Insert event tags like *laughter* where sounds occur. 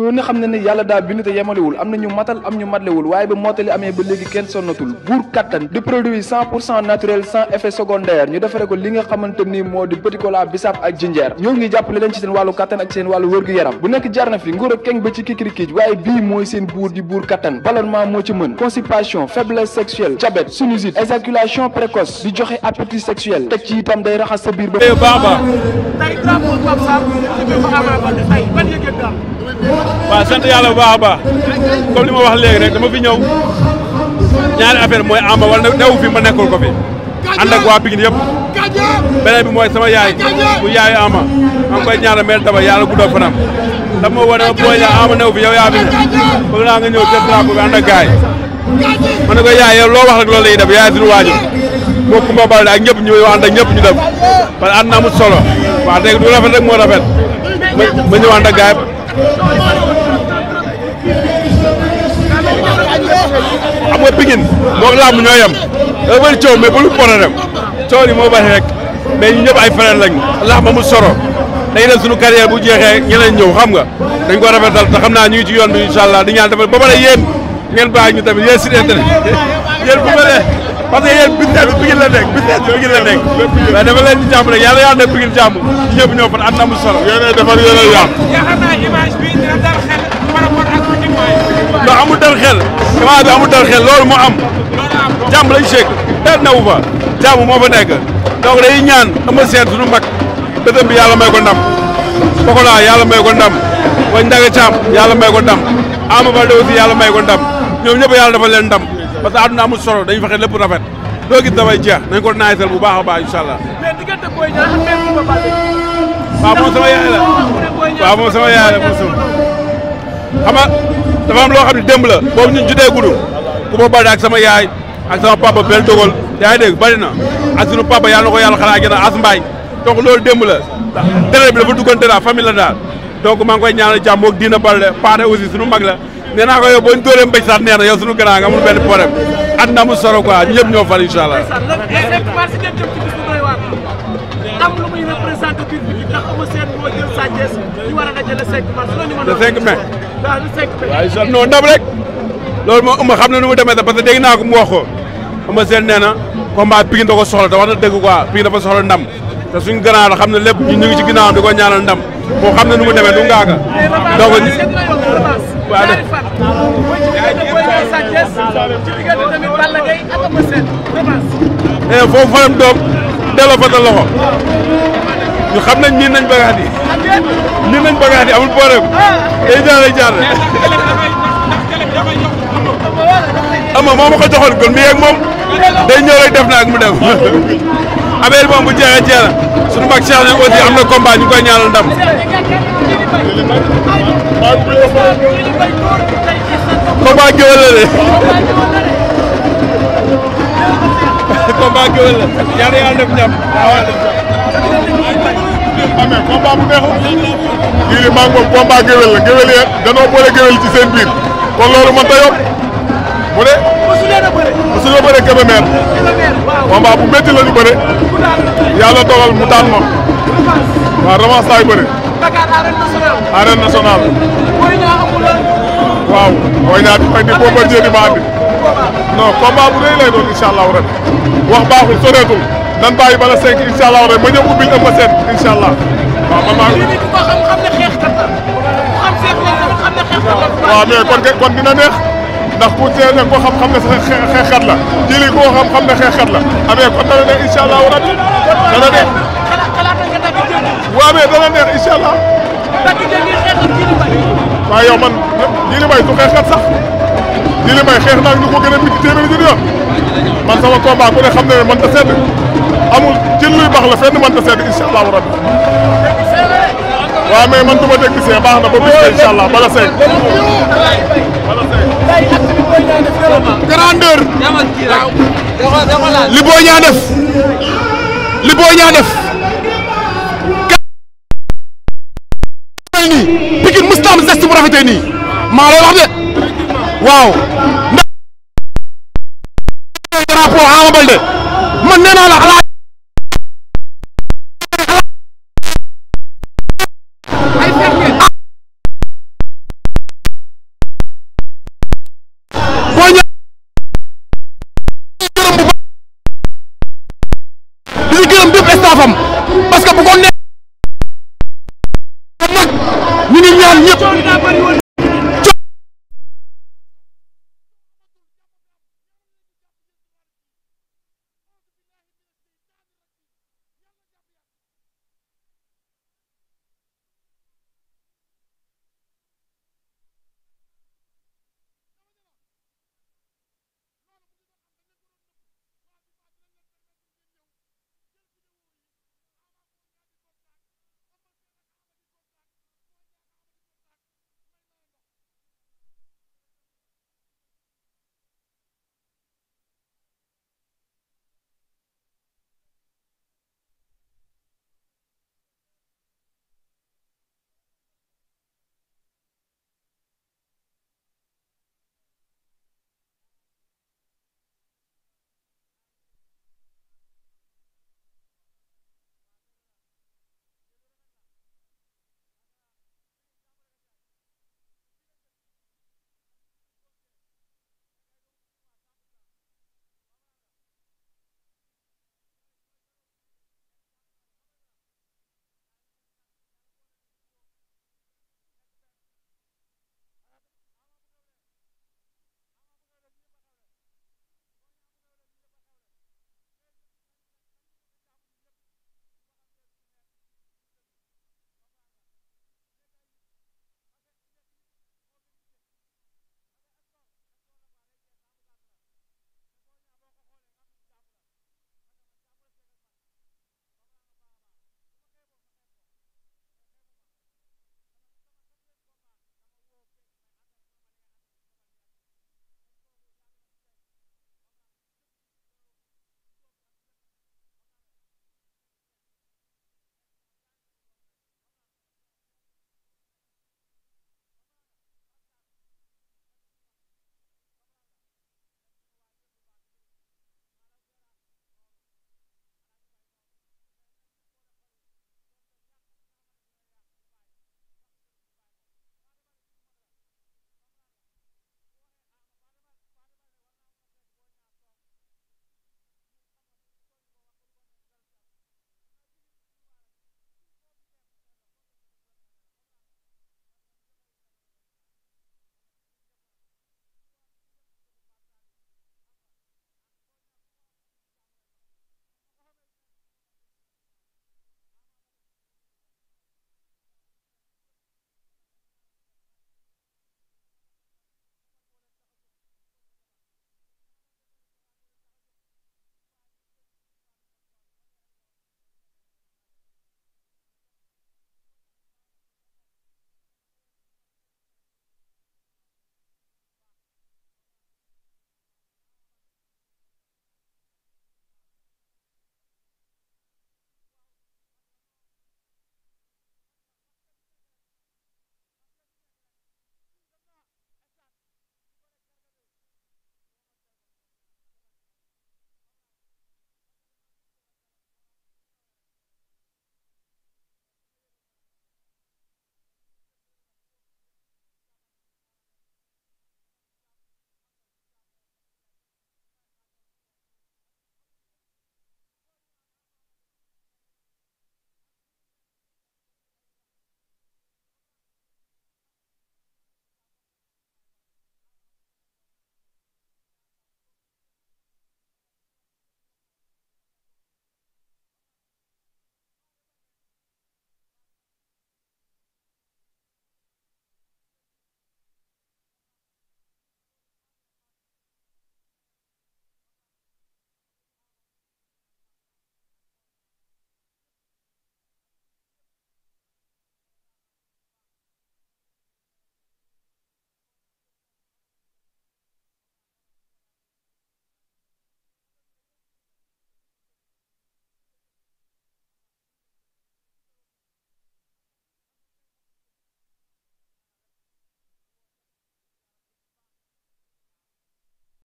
ku yónne xam ne ne yàlla daa bind te yemalewul am na ñu matal am ñu matlewul waaye ba mottali amee ba léegi kenn sonnatul buur kattan di produit cent pour cent naturel sans effet secondaire ñu defare ko li nga xamante ni moo di petit cola bisaab ak jinjeer ñoo ngi jàppale leen ci seen wàllu kattan ak seen wàllu wërgu-yaram bu nekk jarna fi nguur ak keng ba ci kikirikiij waaye bii mooy seen buur di buur kattan ballonnement moo ci mën constipation faiblesse joxe appétit sexuel teg ci itam day raxas sa biir waaw sant yàlla bu baax a li ma wax léegi rek dama fi ñëw ñaari affaire mooy Ama wala newu fi ma nekkul ko fi ànd ak waa Pikine yëpp beneen bi mooy sama yaay bu yaay Ama ma ngi koy ñaanal mel daba yàlla guddal fanam dama ma woo booy yaa Ama newu fi yow yaa fi bëgg naa nga ñëw ne ko yaay yow loo wax rek loolu lay def yaay suñu waajur moo Kumba Baldé ak ñëpp ñu ànd ak ñëpp ñu dem parce que na amul solo waaw léegi du rafet rek rafet ma ñëw ànd xam nga Pikine moom làmb ñoo yem dafa bëri coow mais bu lu problème coow yi moo bëri rek mais ñu ñëpp ay frère lañ làmb amul soro dañuy dem suñu carrière bu jeexee ñeneen ñëw xam nga dañ ko rafetal te xam naa ñu ci yoon bi incha di ñaan dafa ba pare yéen ngeen bàyyi ñu tamit yéen site internet yéen parce que yéen business bi Pikine la nekk business bi Pikine la nekk mais dafa leen di jàmm rek yàlla yàlla def Pikine jàmm ñëpp ñëw fan at na mu solo yéen defar yéen a yàq loolu moo am jàmm lañ seeg dara newu fa jàmm nekk donc dañuy ñaan ama seen suñu mag dëgg bi yàlla may ko ndam Pokola yàlla may ko ndam wañ Ndaga Thiam yàlla may ko ndam Ama Baldé aussi yàlla may ko ndam ñoom ñëpp yàlla dafa leen ndam parce que àdduna solo dañu fexe lépp rafet doo gis dafay jeex nañ ko naajal bu baax a baax incha allah. mais diggante Boy sama yaay la waaw sama yaay la moom sama. xam loo xam ne démb la boobu ñun jotee gudd ku ma Baldé ak sama yaay ak sama papa bel dogal yaa ngi dégg bari na ak sunu papa yàlla ko yàlla xalaat gën a as mbaay donc loolu démb la deret bi dafa duggante daal famille la daal donc maa ngi koy ñaanal jàmm ak diina Baldé paane aussi mag la. nee naa ko yow boo ñu dóoree mbéj sax nee na yow suñu grand nga amul benn problème at na mu soro quoi ñëpp ñoo far incha allah. Eh, eh, am lu muy représenté biir moo jël Sa a dajale 5 mars a. le 5 mai waaw le 5 mai. waaye rek loolu moom Eumeu xam na nu demee parce que dégg naa ko mu wax ko Eumeu Sène nee na combat Pikine da ko soxla te wax na dëgg quoi Pikine dafa soxla ndam te suñu grand xam ne lépp ñu ngi ci ginnaaw di ko ñaanal ndam moo xam ne nu mu demee du ngaaga eh, donc ñaari fan. ñu koy jox Sa doom delloo fa loxo ñu xam nañ miin nañ bagaat yi. miin nañ bagaat yi amul problème. day eh, jaar day jaar ama moo ma ko joxoon kon mi moom day ñëw rek def na mu dem. *laughs* Abel moom bu jeexee jeex na mag Cheikh ne aussi am na combat ñu koy ñaanal ndam. combat géwél la de. combat géwél la yàlla yàlla def ñam waaw ya danoo boole géwél ci seen biir kon loolu mën ta mu ne. mosu leen a bëre. mosu leen a bëre Kébémer. Kébémer waaw. combat bu métti la ñu bëre. yàlla dogal mu daan ma. waaw revanche laay bëre. Dakar arène nationale. arène nationale. booy ñaa amul la. waaw booy ñaa di fay di Bombardier di ma andi. non combat bu rëy lay doon incha allahu ren. wax baaxul soreetul. nan bàyyi ba la cinq incha allahu ren ma ñëw ubbi ñu am ma seen incha allah. waaw man maa ngi. lii ko xam xam ne xeex kat la. ku xam seex la xam ne xeex kat la. waaw mais kon kon dina neex. ndax ku tee ne ko xam-xam ne xeexkat la jili ko xam-xam ne xeexkat la amee kon dana neex incha allah rabi dana neex. waaw mais dana neex incha allah. waaw yow man jili may du xeexkat sax jili may xeex naa ñu ko gën a biti téeméeri jënd yoon man sama combat ku ne xam ne man ta sedd amul ci luy baax la fenn man ta sedd incha allah rabi. waaw mais man du ma dégg see baax na ba bis incha allah bala sey bala sey grandeur li boo ñaa def li boo ñaa def mel nii Pikine musta am geste bu rafetee nii maa wax de waaw ndax drapeau Ama Baldé man nee naa la ñaan ñëpp